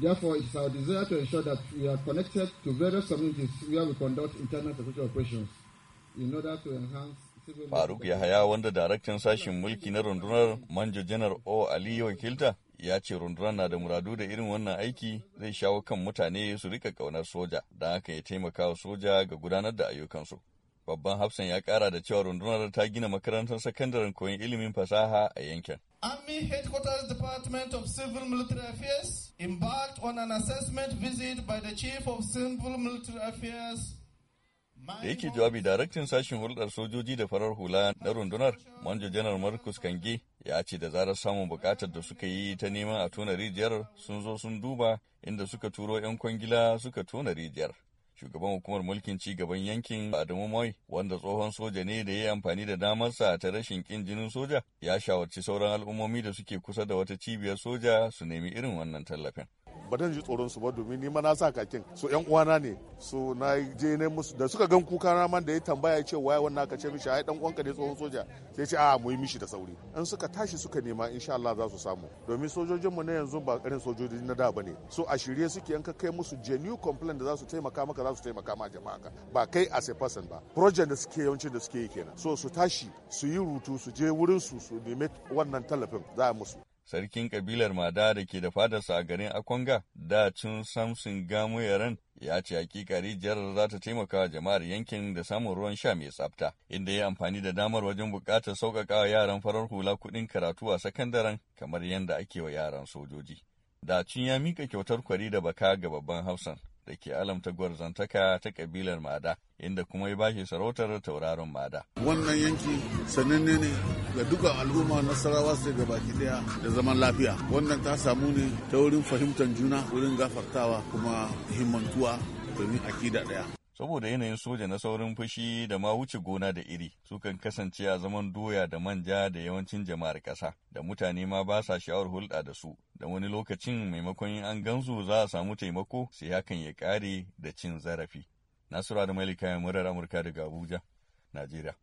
Therefore, it is our desire to ensure that we are connected to various communities where we conduct internal security operations in order to enhance Faruk Yahaya wanda daraktan sashen mulki na rundunar Manjo Janar O Ali wakilta ya ce rundunar na da muradu da irin wannan aiki zai shawo kan mutane su rika kaunar soja da haka ya taimaka wa soja ga gudanar da ayyukansu. Babban Hafsan ya kara da cewa rundunar ta gina makarantar sakandaren koyon ilimin fasaha a yankin. Army Headquarters Department of Civil Military Affairs embarked on an assessment visit by the Chief of Civil Military Affairs da yake jawabi daraktan sashen hulɗar sojoji da farar hula na rundunar manjo janar marcus kange ya ce da zarar samun bukatar da suka yi ta neman a tona rijiyar sun zo sun duba inda suka turo 'yan kwangila suka tona rijiyar shugaban hukumar mulkin ci gaban yankin Adamu Moy wanda tsohon soja ne da ya yi amfani da damarsa ta rashin kin jinin soja ya shawarci sauran al'ummomi da suke kusa da wata cibiyar soja su nemi irin wannan tallafin. ba zan ji tsoron su ba domin ni ma na sa kakin su yan uwana ne su na je ne musu da suka gan kuka na man da ya tambaya ya ce waye wannan aka ce mishi ai dan uwanka ne tsohon soja sai ce a ah, mu yi mishi da sauri in suka tashi suka nema insha Allah za su samu domin sojojin mu na yanzu ba karin sojoji na da ne so a shirye suke ka kai musu genuine complaint da za su taimaka maka za su taimaka ma jama'a ba kai as a person ba project da suke yawanci da suke yi kenan so su tashi su yi rutu su je wurin su su nemi wannan tallafin za a musu sarkin kabilar Mada da ke da fadarsa a garin Akwanga, da cin Samson Gamu Yaran ya ce hakika rijiyar za ta taimaka jama'ar yankin da samun ruwan sha mai tsafta, inda ya amfani da damar wajen buƙatar sauƙaƙawa yaran farar hula kuɗin karatu a sakandaren kamar yadda ake wa yaran sojoji. Dacin ya mika kyautar kwari da baka ga babban Hausan, da ke alamta gwarzantaka ta kabilar Mada, inda kuma ya bashi sarautar tauraron Mada. Wannan yanki sananne ne ga duka al'umma nasarawa sai ga baki daya da zaman lafiya. Wannan ta samu ne ta wurin fahimtar juna, wurin gafartawa kuma himmantuwa domin akida daya. saboda yanayin soja na saurin fushi da ma wuce gona da iri sukan kasance a zaman doya da manja da yawancin jama'ar ƙasa da mutane ma ba sa sha'awar hulɗa da su da wani lokacin maimakon in an gansu za a samu taimako sai hakan ya ƙare da cin zarafi. Nasura da Malika murar Amurka daga Abuja, Najeriya.